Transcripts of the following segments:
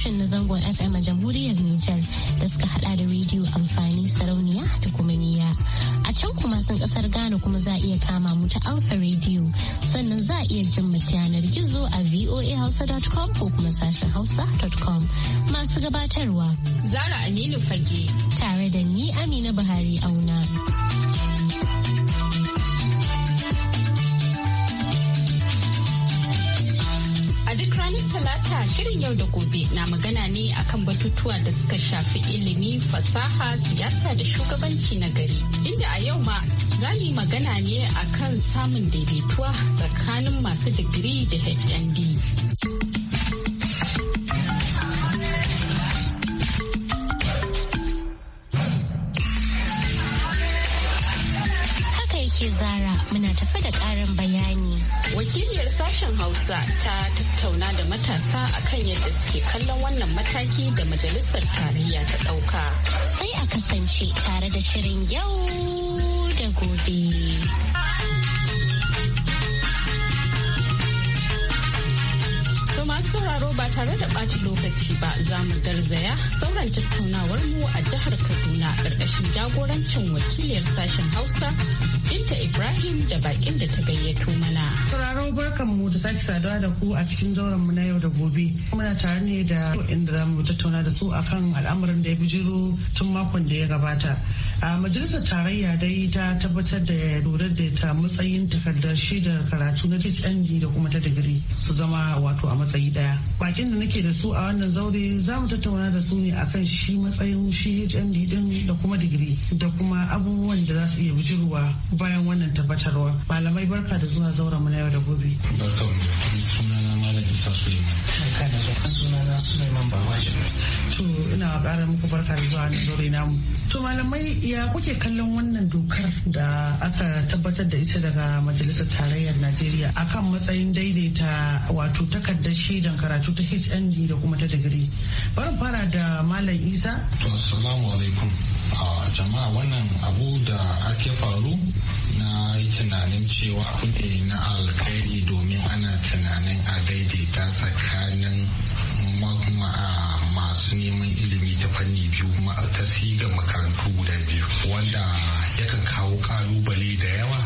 tashoshin na zangon FM a jamhuriyar Nijar da suka hada da rediyo amfani sarauniya da kuma niya. A can kuma sun kasar Ghana kuma za a iya kama mu ta Alfa rediyo sannan za a iya jin mu yanar gizo a voahausa.com ko kuma sashen hausa.com. Masu gabatarwa. Zara Aminu Fage. Tare da ni Amina Buhari Auna. ranar Talata shirin yau da gobe na magana ne akan batutuwa da suka shafi ilimi, fasaha, siyasa da shugabanci na gari. Inda a yau ma za mu yi magana ne akan samun daidaituwa tsakanin masu digiri da HND. haka yake zara muna tafi da ƙarin bayani. wakiliyar sashen hausa ta tattauna da matasa akan yadda suke kallon wannan mataki da majalisar tarayya ta dauka sai a kasance tare da shirin yau da gobe sauraro ba tare da ɓata lokaci ba za mu garzaya sauran tattaunawar mu a jihar Kaduna ƙarƙashin jagorancin wakiliyar sashen Hausa inta Ibrahim da bakin da ta gayyato mana. Sauraro barkan mu da sake saduwa da ku a cikin zauren mu na yau da gobe. Muna tare ne da inda za mu tattauna da su akan al'amarin da ya bijiro tun makon da ya gabata. A majalisar tarayya dai ta tabbatar da lura da ta matsayin takardar shaidar karatu na hng da kuma ta digiri su zama wato a matsayi daya bakin da nake da su a wannan zaure za mu tattauna da su ne akan shi matsayin shi din da kuma digiri da kuma abubuwan da za su iya bijirwa bayan wannan tabbatarwa malamai barka da zuwa zaura mu na yau da gobe ina ƙara muku barka da zuwa nan zaure namu to malamai ya kuke kallon wannan dokar da aka tabbatar da ita daga majalisar tarayyar najeriya akan matsayin daidaita wato takardar shaida darajar karatu ta HND da kuma ta digiri. Barin fara da Malam Isa. assalamu alaikum. jama'a wannan abu da ake faru na yi tunanin cewa abu ne na alkhairi domin ana tunanin a daidaita tsakanin magma masu neman ilimi ta fanni biyu ta siga makarantu guda biyu wanda yakan kawo kalubale da yawa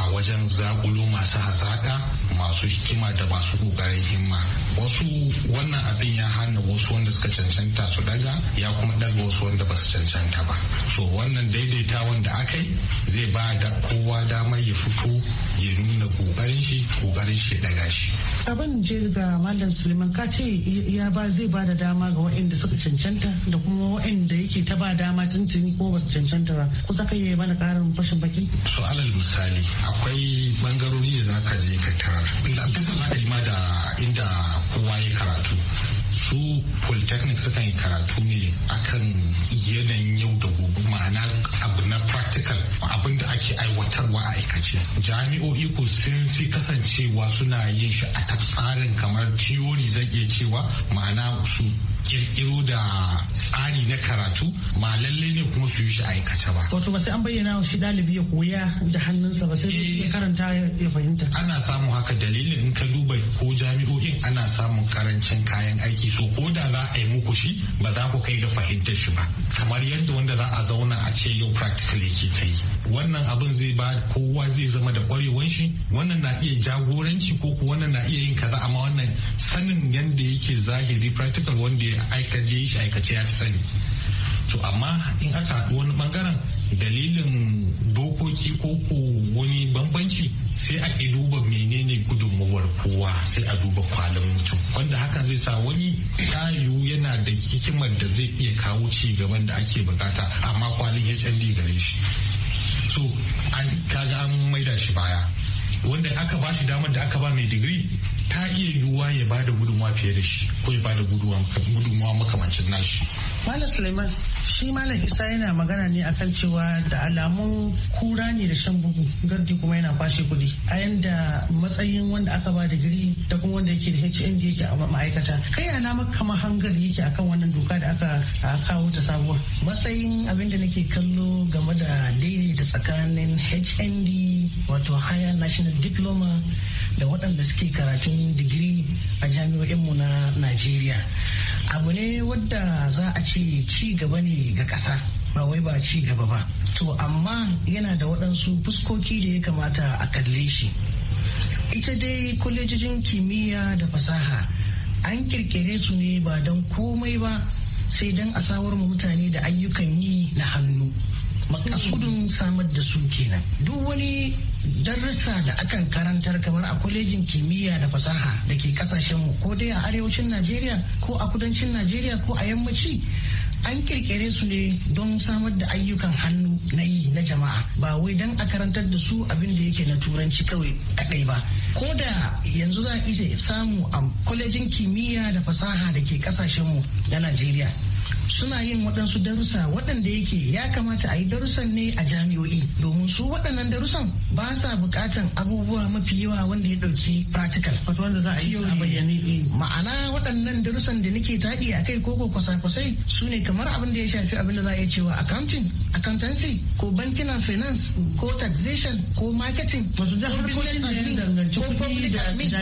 a wajen zagulo masu hazaka masu hikima da masu kokarin himma wasu wannan abin ya hana wasu wanda suka cancanta su daga ya kuma daga wasu wanda ba su cancanta ba so wannan daidaita wanda aka yi zai ba da kowa damar ya fito ya nuna kokarin shi kokarin shi daga shi abin jirga malam suleiman ka ya ba zai ba da dama ga waɗanda suka cancanta da kuma waɗanda yake ta ba dama tuntuni ko ba su cancanta ba kusa saka yi mana ƙarin fashin baki. to alal misali akwai bangarori da zaka ka je ka tarar bisa la'akari ma da inda kowa ya karatu su polytechnic sukan yi karatu ne akan yanayin yau da gobe ma'ana abu na practical abin da ake aiwatarwa a aikace jami'o'i ko sun fi kasancewa suna yin shi a tsarin kamar theory zan iya cewa ma'ana su kirkiro da tsari na karatu ba lallai ne kuma su yi shi aikata ba. Wato ba sai an bayyana shi ɗalibi ya koya da hannunsa ba sai ya karanta ya fahimta. Ana samun haka dalilin in ka duba ko jami'o'in ana samun karancin kayan aiki. yake so ko da za a yi muku shi ba za ku kai ga fahimtar shi ba kamar yadda wanda za a zauna a ce yau practical yake ta yi wannan abin zai ba kowa zai zama da kwarewan shi wannan na iya jagoranci ko ku wannan na iya yin kaza amma wannan sanin yadda yake zahiri practical wanda ya aikace shi aikace ya fi sani to amma in aka haɗu wani bangaren dalilin dokoki ko wani bambanci sai a duba menene gudunmuwar kowa sai a duba kwalin mutum wanda hakan zai sa wani kayu yana da hikimar da zai iya kawo ci gaban da ake bukata amma kwalin canji gare shi so an kaga an maida shi baya wanda aka ba shi damar da aka ba mai digiri ta iya yiwuwa ya ba da gudunmawa fiye da shi ko ya ba da gudunmawa makamancin nashi. Malam Suleiman shi Malam Isa yana magana ne a kan cewa da alamun kura ne da shan bugu gardi kuma yana kwashe kuɗi a yanda matsayin wanda aka ba digiri da kuma wanda yake da HND yake a ma'aikata kai alama kama hangar yake akan wannan doka da aka kawo ta sabuwa. Matsayin abin da nake kallo game da da tsakanin HND wato Higher National Diploma da waɗanda suke karatun digiri a jami'o'inmu na najeriya abu ne wadda za a ce ci gaba ne ga ƙasa ba wai ba ci gaba ba to amma yana da waɗansu fuskoki da ya kamata a kalle shi ita dai kwalejijin kimiyya da fasaha an kirkire su ne ba don komai ba sai don a samar mutane da ayyukan yi na hannu makasudin samar da su kenan duk wani darussa da akan karantar kamar a kwalejin kimiyya da fasaha da ke kasashen mu ko dai a arewacin najeriya ko a kudancin najeriya ko a yammaci an kirkire su ne don samar da ayyukan hannu na yi na jama'a ba wai don a karantar da su abin da yake na turanci kawai kadai ba ko da yanzu za a iya samu a kwalejin kimiyya da fasaha da ke kasashenmu na najeriya suna yin waɗansu darussa waɗanda yake ya kamata a yi darussan ne a jami'o'i domin su waɗannan darussan ba sa buƙatan abubuwa mafi yawa wanda ya ɗauki practical wato wanda za a yi a bayyane eh. ma'ana waɗannan darussan da nake taɗi a kai koko kwasa-kwasai su ne kamar abin da ya shafi abin da za a iya cewa accounting accountancy ko banking and finance ko taxation ko marketing ko business admin ko public admin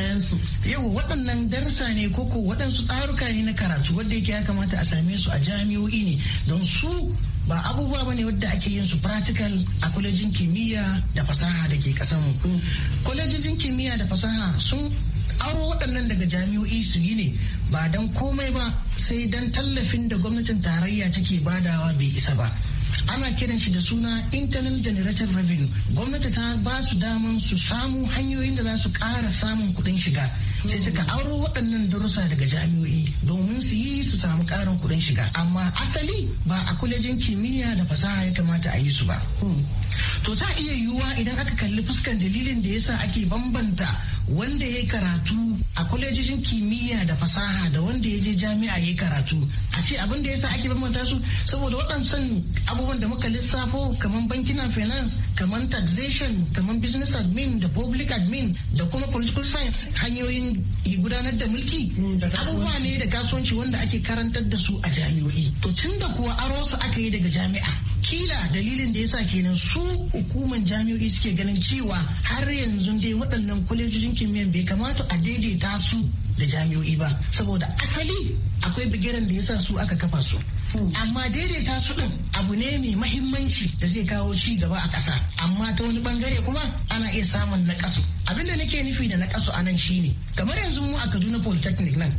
yawa waɗannan darussa ne koko waɗansu tsaruka ne na karatu wanda yake ya kamata a same su a jami'o'i. jami'o'i ne don su ba abubuwa bane wadda ake yin su practical a kwalejin kimiyya da fasaha da ke kasanmu kwalejin kimiyya da fasaha sun aro waɗannan daga jami'o'i su yi ne ba don komai ba sai don tallafin da gwamnatin tarayya take badawa bai isa ba ana kiran shi da suna internal generated revenue gwamnati ta ba su daman su samu hanyoyin da za su kara samun kuɗin shiga sai suka auro waɗannan darussa daga jami'o'i domin su yi su samu ƙarin kuɗin shiga amma asali ba a kwalejin kimiyya da fasaha ya kamata a yi su ba to ta iya yiwuwa idan aka kalli fuskar dalilin da yasa ake bambanta wanda ya karatu a kwalejin kimiyya da fasaha da wanda ya je jami'a ya karatu a ce abin da yasa ake bambanta su saboda waɗansan abubuwan da muka lissafo kamar bankin finance kamar taxation kamar business admin da public admin da kuma political science hanyoyin gudanar da mulki mm, abubuwa ne da kasuwanci wanda ake karantar da su a jami'o'i to tun da kuwa aro su aka yi daga jami'a kila dalilin da yasa kenan su hukuman jami'o'i suke ganin cewa har yanzu dai waɗannan kwalejojin kimiyyar bai kamata a daidaita su da jami'o'i ba saboda asali akwai bigiran da yasa su aka kafa su amma daidaita su din abu ne mai mahimmanci da zai kawo ci gaba a ƙasa amma ta wani bangare kuma ana iya samun naƙasu abinda nake nufi da naƙasu a nan shine kamar yanzu mu a Kaduna Polytechnic nan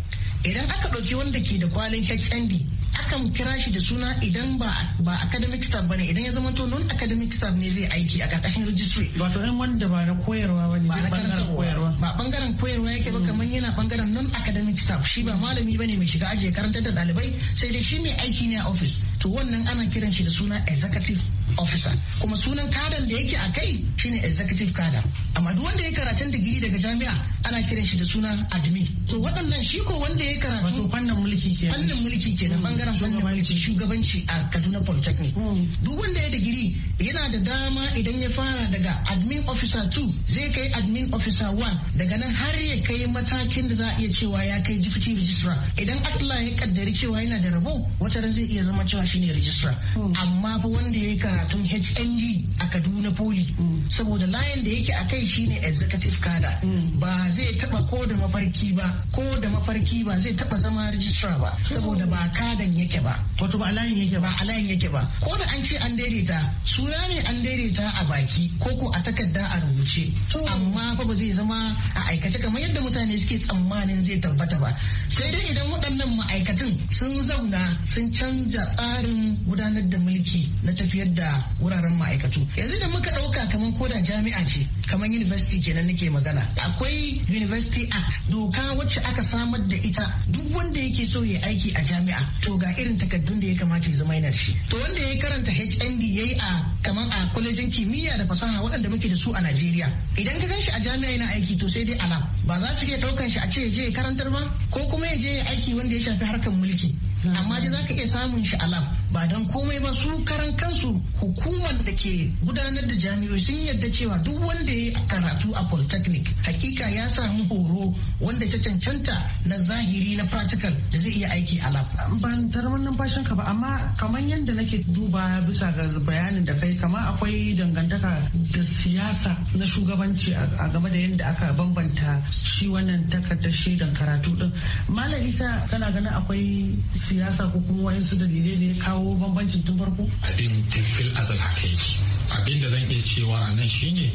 idan aka ɗauki wanda ke da kwalin HND akan kira shi da suna idan ba ba academic staff bane idan ya zama to non academic staff ne zai aiki a karkashin registry wato ɗan wanda ba na koyarwa ne. ba bangaren koyarwa ba bangaren koyarwa yake ba hmm. kamar yana bangaren non academic staff shi ba malami bane mai shiga ajiye karantar da ɗalibai sai dai shi mai aiki ne a office to wannan ana kiran shi da suna executive officer kuma sunan kadan da yake a kai shine executive kada amma duk wanda ya karatun digiri daga jami'a ana kiran shi da suna admin to waɗannan shi ko wanda ya karatu wato fannin mulki kenan fannin mulki kenan bangaren fannin mulki shugabanci a Kaduna Polytechnic hmm. duk wanda ya digiri yana da dama idan ya fara daga admin officer 2 zai kai admin officer 1 daga nan har ya kai matakin da za a iya cewa ya kai deputy registrar idan Allah ya kaddari cewa yana da rabo wata zai iya zama cewa ne registrar hmm. amma fa wanda ya yi karatun HND a Kaduna Poli hmm. saboda layin da yake a kai shine executive kada hmm. ba zai taba ko da mafarki ba ko da mafarki ba zai taba zama registrar ba saboda ba kadan yake ba wato ba a layin yake ba a layin yake ba ko da an ce an daidaita suna ne an daidaita a baki ko ko a takarda a rubuce amma fa ba zai zama a aikace kamar yadda mutane suke tsammanin zai tabbata ba sai dai idan waɗannan ma'aikatan sun zauna sun canja tsarin gudanar da mulki na tafiyar da wuraren ma'aikatu yanzu da muka ɗauka kamar koda jami'a ce kamar university kenan nake magana akwai university act doka wacce aka samar da ita duk wanda yake so ya aiki a jami'a to ga irin takaddun da ya kamata ya zama yana shi to wanda ya karanta HND ya yi a kamar a kwalejin kimiyya da fasaha waɗanda muke da su a Najeriya idan ka gan shi a jami'a yana aiki to sai dai alam ba za su iya ɗaukan shi a ce ya je ya karantar ba ko kuma ya je ya aiki wanda ya shafi harkar mulki amma dai ka iya samun shi a lab ba don komai ba su karan kansu hukumar da ke gudanar da jami'o sun yadda cewa duk wanda ya yi karatu a polytechnic hakika ya samu horo wanda ta cancanta na zahiri na practical da zai iya aiki a lab. ban wannan numfashin ka ba amma kamar yadda nake duba bisa ga bayanin da kai kamar akwai dangantaka da siyasa na shugabanci a game da yadda aka bambanta shi wannan takardar shaidan karatu din malam isa kana ganin akwai siyasa ko kuma wa'insu dalilai da ya kawo kawo bambancin tun farko abin tafil azal haka yake abin da zan iya cewa a nan shine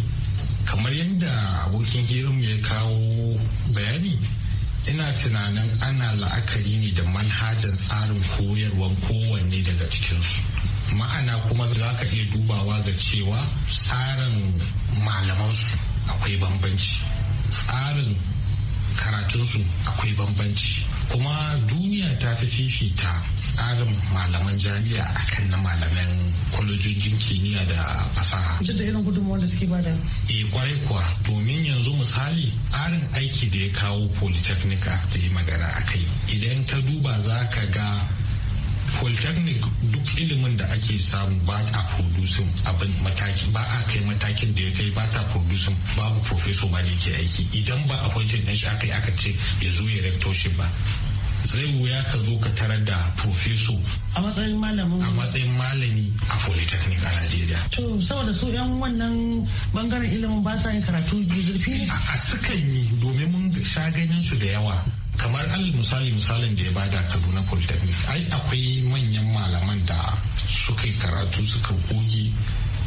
kamar yadda abokin mu ya kawo bayani ina tunanin ana la'akari ne da manhajan tsarin koyarwan kowanne daga cikinsu ma'ana kuma za ka iya dubawa ga cewa tsarin malamansu akwai bambanci tsarin karatunsu akwai bambanci kuma ta fi fifita tsarin malaman jami'a a kan na malaman kwalejojin kimiyya da fasaha. Duk da irin gudunmawar da suke bada. E kwarai kuwa domin yanzu misali tsarin aiki da ya kawo polytechnic da yi magana a kai idan ka duba za ka ga polytechnic duk ilimin da ake samu ba a producing abin mataki ba a kai matakin da ya kai ba ta producing babu professor ba da yake aiki idan ba a kwancin shi aka yi aka ce ya zo ya rectorship ba zai wuya ka zo ka tarar da profeso a matsayin malamin a matsayin malami a polytechnic a Najeriya. To saboda su yan wannan bangaren ilimin ba sa yin karatu zurfi ne? A sukan yi domin mun sha ganin su da yawa kamar al misali misalin da ya bada kaduna polytechnic ai akwai manyan malaman da suka yi karatu suka goge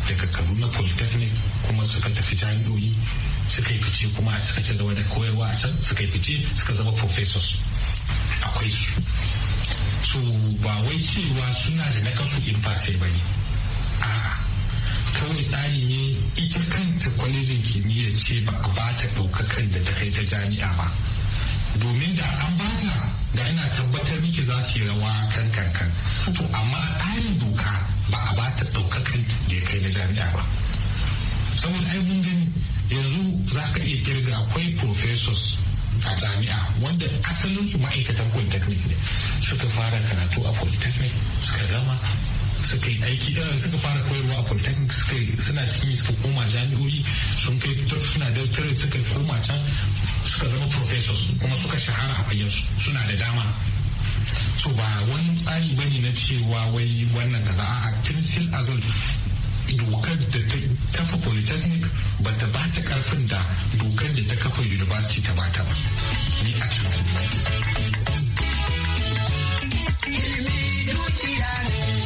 daga kaduna polytechnic kuma suka tafi jami'o'i suka yi fice kuma suka ci gaba da koyarwa a can suka yi fice suka zama professors akwai su so ba wai cewa suna da nakasu in fasai ba ne a'a kawai tsari ne ita kanta kwalejin kimiyya ce ba a bata ɗaukakan da ta kai ta jami'a ba domin da an ta da ina tabbatar miki za su yi rawa kan kankan to amma tsarin doka ba a ba bata ɗaukakan da ya kai na jami'a ba saboda ai mun gani yanzu za ka iya kirga akwai professors a jami'a wanda asalin su ma'aikatan polytechnic ne suka fara karatu a polytechnic suka zama suka yi aiki eh, suka fara koyarwa a polytechnic suka suna cikin suka koma jami'o'i sun kai suna doctorate suka koma can suka zama professors kuma suka shahara a fayyarsu suna da dama so ba wani tsari bane na cewa wai wannan kaza a tinsil sil da ta kafa polytechnic ba ta ba ta karfin da dokar da ta kafa university ta bata ba ni a tunanin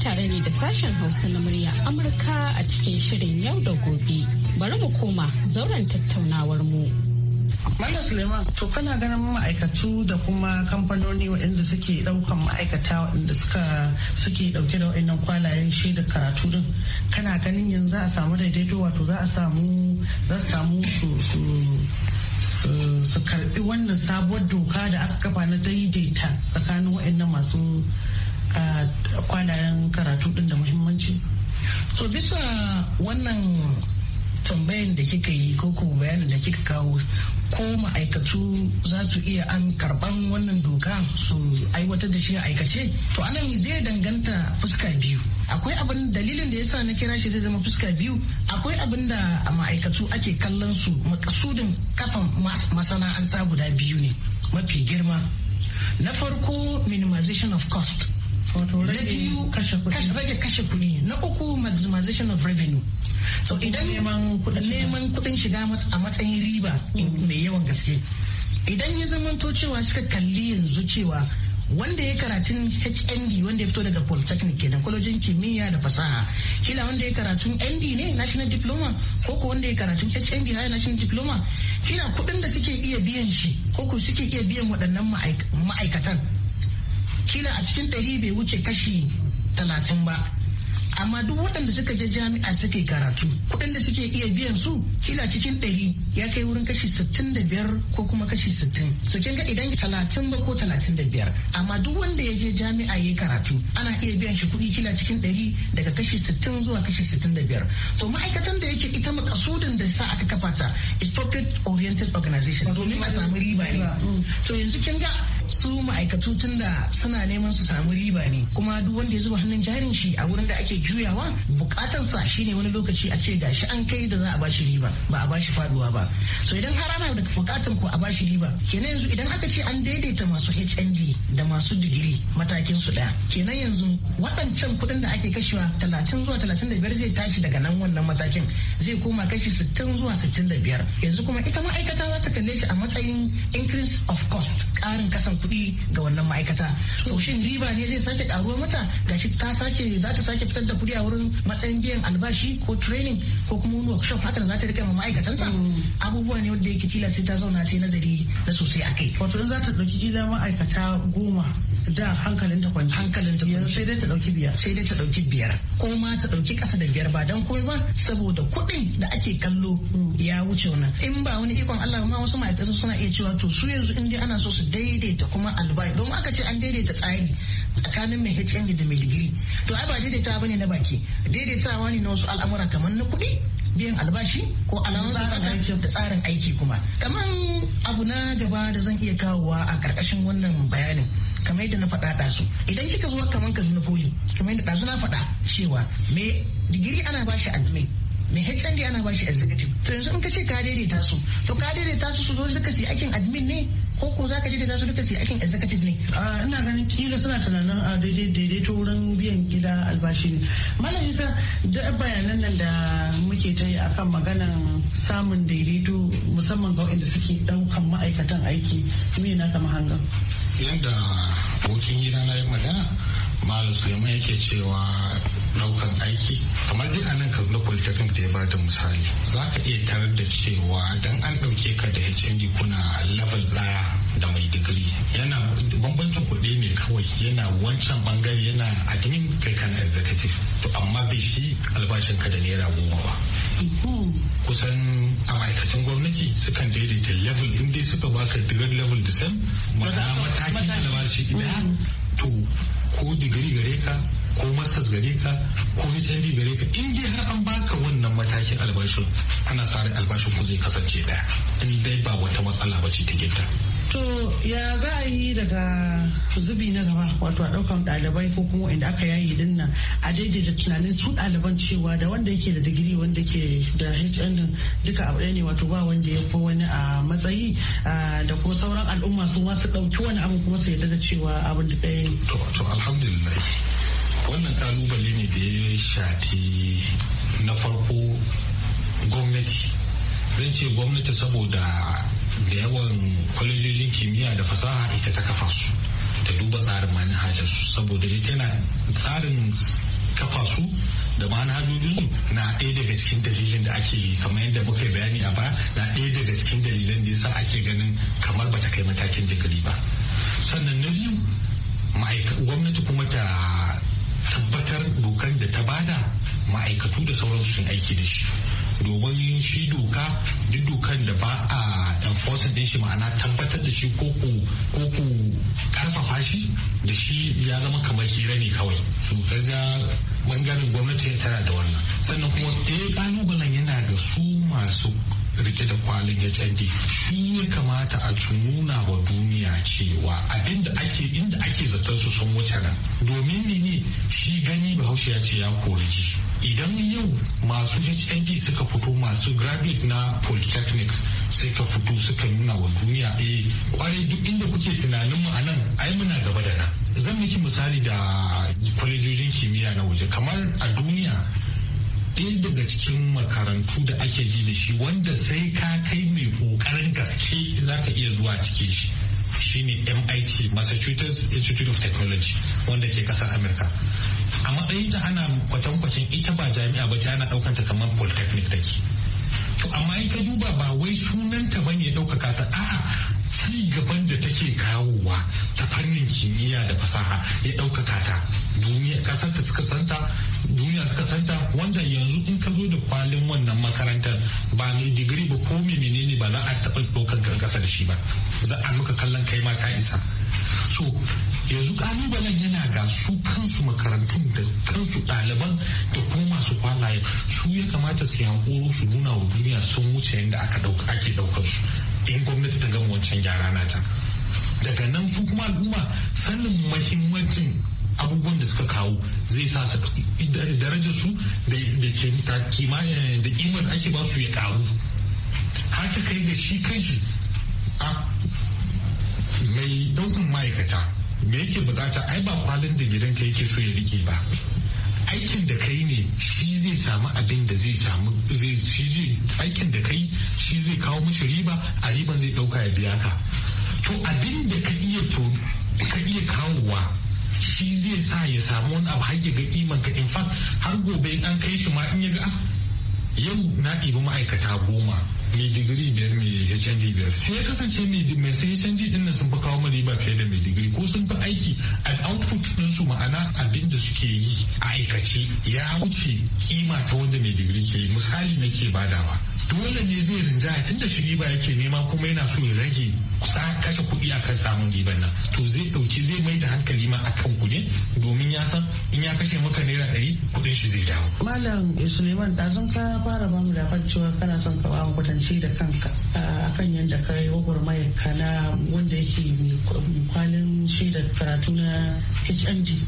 tare ne da sashen hausa na murya amurka a cikin shirin yau da gobe bari mu koma zauren tattaunawar mu. Malam Suleiman, to kana ganin ma'aikatu da kuma kamfanoni waɗanda suke ɗaukan ma'aikata waɗanda suka suke ɗauke da waɗannan kwalayen da karatu din. Kana ganin yanzu a samu daidaito wato za a samu za su samu su su su wannan sabuwar doka da aka kafa na daidaita tsakanin waɗannan masu kwalayen karatu din da muhimmanci. To bisa wannan tambayan da kika yi ko ko bayanin da kika kawo ko ma'aikatu za su iya an karban wannan doka su aiwatar da shi a aikace to anan zai danganta fuska biyu akwai abin dalilin da yasa na kira shi zai zama fuska biyu akwai abin da a ma'aikatu ake kallon su makasudin kafan masana'anta guda biyu ne mafi girma na farko minimization of cost na biyu rage kashe kuɗi na uku maximization of revenue so idan neman kuɗin shiga a matsayin riba mai yawan gaske idan ya zamanto cewa suka kalli yanzu cewa wanda ya karatun HND wanda ya fito daga Polytechnic kenan kwalojin kimiyya da fasaha kila wanda ya karatun ND ne National Diploma ko ko wanda ya karatun HND haya National Diploma kila kuɗin da suke iya biyan shi ko ko suke iya biyan waɗannan ma'aikatan kila a cikin ɗari bai wuce kashi talatin ba amma duk waɗanda suka je jami'a suke karatu kuɗin da suke iya biyan su kila cikin ɗari ya kai wurin kashi sittin da biyar ko kuma kashi sittin su kin ga idan talatin ba ko talatin da biyar amma duk wanda ya je jami'a ya karatu ana iya biyan shi kuɗi kila cikin ɗari daga kashi sittin zuwa kashi sittin da biyar to ma'aikatan da yake ita makasudin da sa aka kafa ta is oriented organization domin a samu riba ne to yanzu kin ga su ma'aikatu tun da suna neman su samu riba ne kuma duk wanda ya zuba hannun jarin shi a wurin da ake juyawa bukatarsa shine wani lokaci a ce shi an kai da za a bashi riba ba a bashi faduwa ba so idan har ana da bukatar ku a bashi riba kenan yanzu idan aka ce an daidaita masu HND da masu digiri matakin su daya kenan yanzu waɗancan kuɗin da ake kashewa 30 zuwa 35 zai tashi daga nan wannan matakin zai koma kashi 60 zuwa 65 yanzu kuma ita ma'aikata za ta kalle shi a matsayin increase of cost ƙarin kasan biyan kuɗi ga wannan ma'aikata to shin riba ne zai sake karuwa mata gashi ta sake za ta sake fitar da kuɗi a wurin matsayin biyan albashi ko training ko kuma wani workshop haka da za ta rika ma ma'aikatanta mm. abubuwa ne wanda yake kila sai ta zauna ta nazari na sosai a kai wato in za ta ɗauki kila ma'aikata goma da hankalin ta kwanci hankalin ta yanzu sai dai ta dauki biyar sai dai ta dauki biyar ko ma ta dauki kasa da biyar ba dan komai ba saboda kuɗin da ake kallo mm. ya wuce wannan in ba wani ikon Allah ma wasu ma'aikatan suna iya cewa to su yanzu in dai ana so su daidaita kuma albai don aka ce an daidaita tsari tsakanin mai HN da mai digiri to ai ba daidaita bane na baki daidaitawa ne na wasu al'amura kamar na kuɗi biyan albashi ko alamun da tsarin aiki kuma kamar abu na gaba da zan iya kawowa a ƙarƙashin wannan bayanin kamar yadda na faɗa ɗazu idan kika zo kamar kaduna foyi kamar yadda ɗazu na faɗa cewa me digiri ana ba shi admin me HND ana ba shi executive to yanzu in ka ce ka daidaita su to ka daidaita su su zo duka su aikin admin ne ko ko za ka je za su duka su aikin executive ne ina ganin kila suna tunanin a daidai daidaito wurin biyan gida albashi ne malam isa da bayanan nan da muke ta yi akan maganan samun daidaito musamman ga wadanda suke ɗaukan ma'aikatan aiki me na kama hangan. Yadda abokin gida na yi magana Malam Suleiman yake cewa daukan aiki kamar duk anan Kaduna Polytechnic da ya ba da misali za ka iya tarar da cewa dan an ɗauke ka da HND kuna level ɗaya da mai digiri yana bambancin kuɗi ne kawai yana wancan bangare yana admin kai kana executive to amma bai shi albashin ka da naira goma ba. Hmm. kusan a ma'aikatan gwamnati sukan daidaita level in dai suka baka grade level da sam same matakin albashi ɗaya mm. to ko digiri gare ka ko masas gare ka ko hnd gare ka in dai har an baka wannan matakin albashin ana sa albashin ku zai kasance daya in dai ba wata matsala ba ce ta gidda. to ya za a yi daga zubi na gaba wato a daukan dalibai ko kuma inda aka yayi din nan a daidaita tunanin su daliban cewa da wanda yake da digiri wanda ke da hnd duka abu ne wato ba wanda ya fi wani a matsayi da kuma sauran al'umma su ma su ɗauki wani abu kuma su yarda da cewa abin da ɗaya ne. to alhamdulillah wannan kalubale ne da ya shafi na farko gwamnati zan ce gwamnati saboda da yawan kwalejojin kimiyya da fasaha ita ta kafa su ta duba tsarin manhajar su saboda ita tana tsarin kafa su da su na ɗaya daga cikin dalilin da ake kamar yadda muka bayani a ba na ɗaya daga cikin dalilan da yasa ake ganin kamar bata kai matakin digiri ba sannan na biyu gwamnati kuma ta tabbatar dokar da ta bada ma'aikatu da sauransu sun aiki da shi domin shi doka duk dokar da ba a enforce din shi ma'ana tabbatar da shi ko ku karfafa shi da shi ya zama kamar hira ne kawai to kaga bangaren gwamnati tana da wannan sannan kuma eh yana ga su masu rike da kwalin ya canje shi ya kamata a nuna wa duniya cewa abinda ake inda ake zaton su sun wuce nan domin mene shi gani bahaushe ya ce ya kori idan yau masu hnd suka fito masu graduate na polytechnics sai ka fito suka nuna wa duniya eh kwarai duk inda kuke tunanin mu a ai muna gaba da nan zan miki misali da kwalejojin kimiyya na waje kamar a duniya ɗaya daga cikin makarantu da ake ji da shi wanda sai ka kai mai ƙoƙarin gaske za ka iya zuwa cikin shi shine MIT Massachusetts Institute of Technology wanda ke ƙasar Amurka. A matsayin ta ana kwatankwacin ita ba jami'a ba ta ana ɗaukanta kamar polytechnic take. To amma in ka duba ba wai sunanta ba ne ɗaukaka ta a ci gaban da take kawowa ta fannin kimiyya da fasaha ya ɗaukaka ta. duniya kasar ta suka santa duniya suka santa wanda yanzu in ka zo da kwalin wannan makarantar ba ni digiri ba ko mai ne ba za a taɓa ɗaukar ƙasa da shi ba za a maka kallon kai ma ka isa so yanzu ƙalubalen yana ga su kansu makarantun da kansu ɗaliban da kuma masu kwalaye su ya kamata su yankoro su nuna wa duniya sun wuce yadda aka ake ɗaukar su in gwamnati ta gama wancan gyara nata daga nan su kuma al'umma sanin mahimmancin abubuwan da suka kawo zai sa su darajar su da kimanin da kimar ake ba su ya karu har ta kai ga shi kanshi a mai daukan ma'aikata me yake bukata ai ba kwalin da gidanka yake so ya rike ba aikin da kai ne shi zai samu abin da zai samu aikin da kai shi zai kawo mashi riba a riban zai dauka ya biya ka to abin da ka iya kawowa shi zai sa ya samu wani abu har ya ga iman ka in fact har gobe an kai shi ma in ya ga ah, yau na ibi ma'aikata goma mai digiri biyar mai HND biyar sai ya kasance mai su HND din nan sun fi kawo mana riba fiye da mai digiri ko sun fi aiki a output din su ma'ana abin da suke yi a aikace ya wuce kima ta wanda mai digiri ke yi misali na nake badawa dole ne zai rinja tun da shiri ba yake nema kuma yana so ya rage kusa kashe kuɗi akan samun riban nan to zai ɗauki zai mai da hankali ma akan kuɗi domin ya san in ya kashe maka naira ɗari kuɗin shi zai dawo. malam suleiman sun ka fara bamu da cewa kana son ka bamu kwatance amince da kanka kan yadda ka yi wabar ka na wanda yake kwalin shaida karatu na hng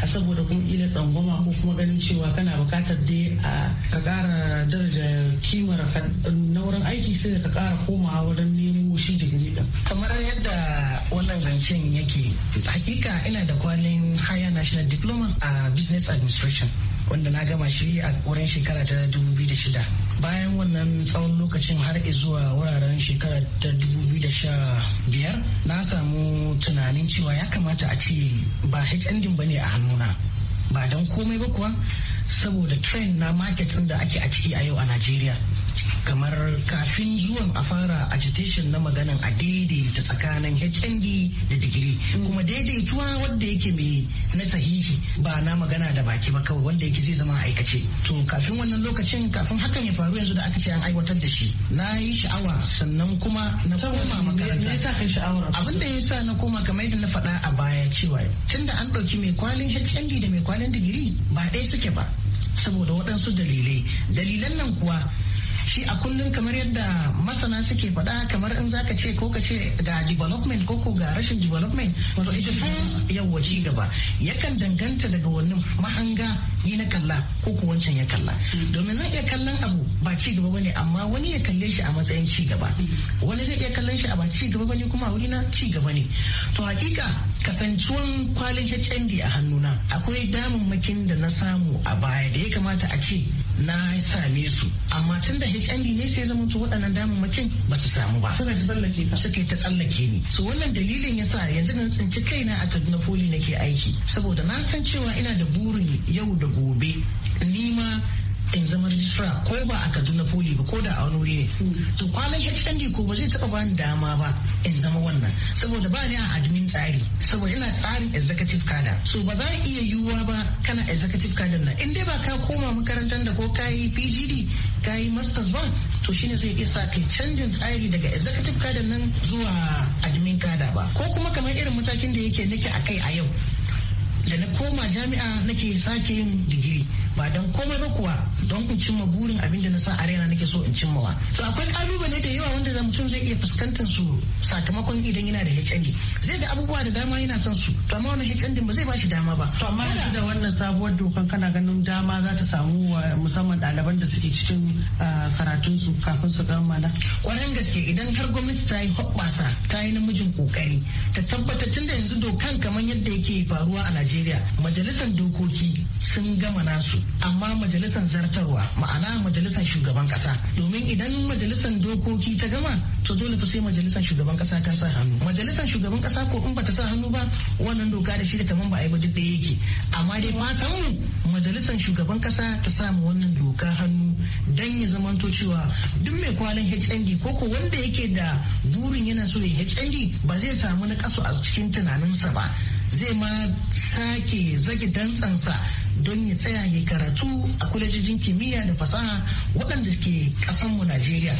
a saboda kuma ila tsangwama ko kuma ganin cewa kana bukatar dai a ka kara daraja kimar na wurin aiki sai ka kara komawa wurin nemo shi digiri din kamar yadda wannan zancen yake hakika ina da kwalin higher national diploma a business administration wanda na gama shi a wurin shekara ta 2006 bayan wannan tsawon lokacin har zuwa wuraren shekara ta da 2015 na samu tunanin cewa ya kamata a ce ba hnd ba ne a hannuna ba don komai ba kuwa saboda trend na marketing da ake a ciki a yau a najeriya kamar kafin zuwan a fara agitation na maganan a daidaita tsakanin hnd da digiri kuma daidaituwa wadda yake mai na sahihi ba na magana da baki ba kawai wanda yake zai zama aikace to kafin wannan lokacin kafin hakan ya faru yanzu da aka ce an aiwatar da shi na yi sha'awa sannan kuma na koma makaranta abin da ya sa na koma kamar yadda na faɗa a baya cewa tunda an ɗauki mai kwalin hnd da mai kwalin digiri ba ɗaya suke ba saboda waɗansu dalilai dalilan nan kuwa shi a kullum kamar yadda masana suke faɗa kamar in zaka ce ko ka ce ga development ko ko ga rashin development wato ita yawa ci gaba yakan danganta daga wannan mahanga ni na kalla ko ku wancan ya kalla domin zan iya kallon abu ba ci gaba bane amma wani ya kalle shi a matsayin ci gaba wani zai iya kallon shi a ba ci gaba bane kuma wuri na ci gaba ne to hakika kasancewan kwalin HND a hannuna akwai damammakin da na samu a baya da ya kamata a ce na same su amma tun da HND ne sai zama su waɗannan damammakin ba su samu ba. Suka ta tsallake ka. Suka ta tsallake ni. So wannan dalilin ya sa yanzu na tsinci kaina a Kaduna Poli nake aiki saboda na san cewa ina da burin yau da gobe Nima in zama rijistra ko ba a kaduna poli ba ko da a wani ne hmm. to kwanan hnd ko ba zai taba bani dama ba in zama wannan saboda ba ni a admin tsari saboda ina tsarin executive kada so ba za iya yiwuwa ba kana executive kada na in dai ba ka koma makarantar da ko ka yi pgd ka yi masters ba to shine zai iya sa kai canjin tsari daga executive kada nan zuwa admin kada ba ko kuma kamar irin matakin da yake nake a kai a yau da na koma jami'a nake sake yin digiri ba don komai ba kuwa don in cimma burin abin da na sa a raina nake so in cimmawa to akwai kalubale da yawa wanda za mutum zai iya fuskantar su sakamakon idan yana da HND zai da abubuwa da dama yana son su to amma wannan HND ba zai bashi dama ba to amma yanzu da wannan sabuwar dokan kana ganin dama za ta samu wa musamman ɗaliban da suke cikin ah, karatun su kafin su kammala kwanan gaske idan har gwamnati ta yi hoɓɓasa ta yi namijin kokari ta tabbatar tun da yanzu dokan kamar yadda yake faruwa a Najeriya Najeriya majalisar dokoki sun gama nasu amma majalisar zartarwa ma'ana majalisar shugaban kasa domin idan majalisar dokoki ta gama to dole fa sai majalisar shugaban kasa ta sa hannu majalisar shugaban kasa ko in bata sa hannu ba wannan doka da shi da kaman ba a yi ba duk da yake amma dai fatan mu majalisar shugaban kasa ta sa mu wannan doka hannu dan ya zamanto cewa duk mai kwalin HND ko ko wanda yake da burin yana so ya HND ba zai samu na kaso a cikin tunaninsa ba zai ma sake zage dantsansa don ya tsaya ya karatu a kwalejojin kimiyya da fasaha waɗanda ke ƙasanmu najeriya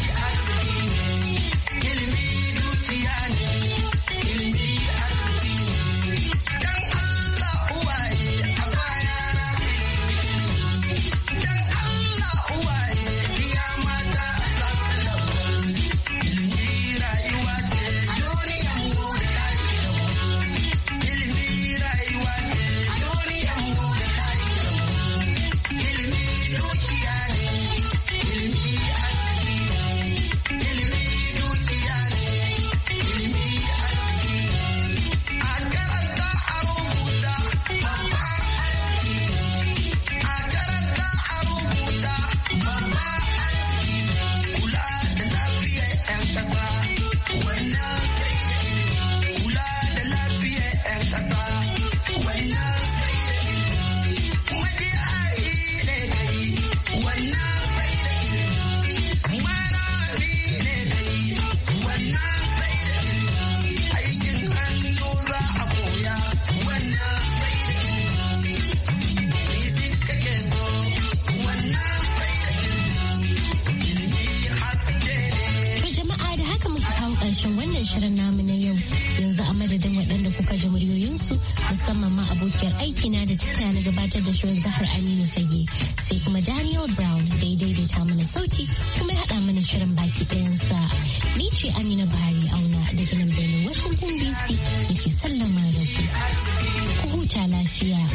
zama abokiyar aikina da tattaya na gabatar da shirin Zahar Aminu Fage sai kuma Daniel Brown da ya daidaita mana sauti kuma ya haɗa mana shirin baki ɗayansa. Ni ce Amina Buhari auna daga nan birnin Washington DC da ke sallama da ku. Ku huta lafiya.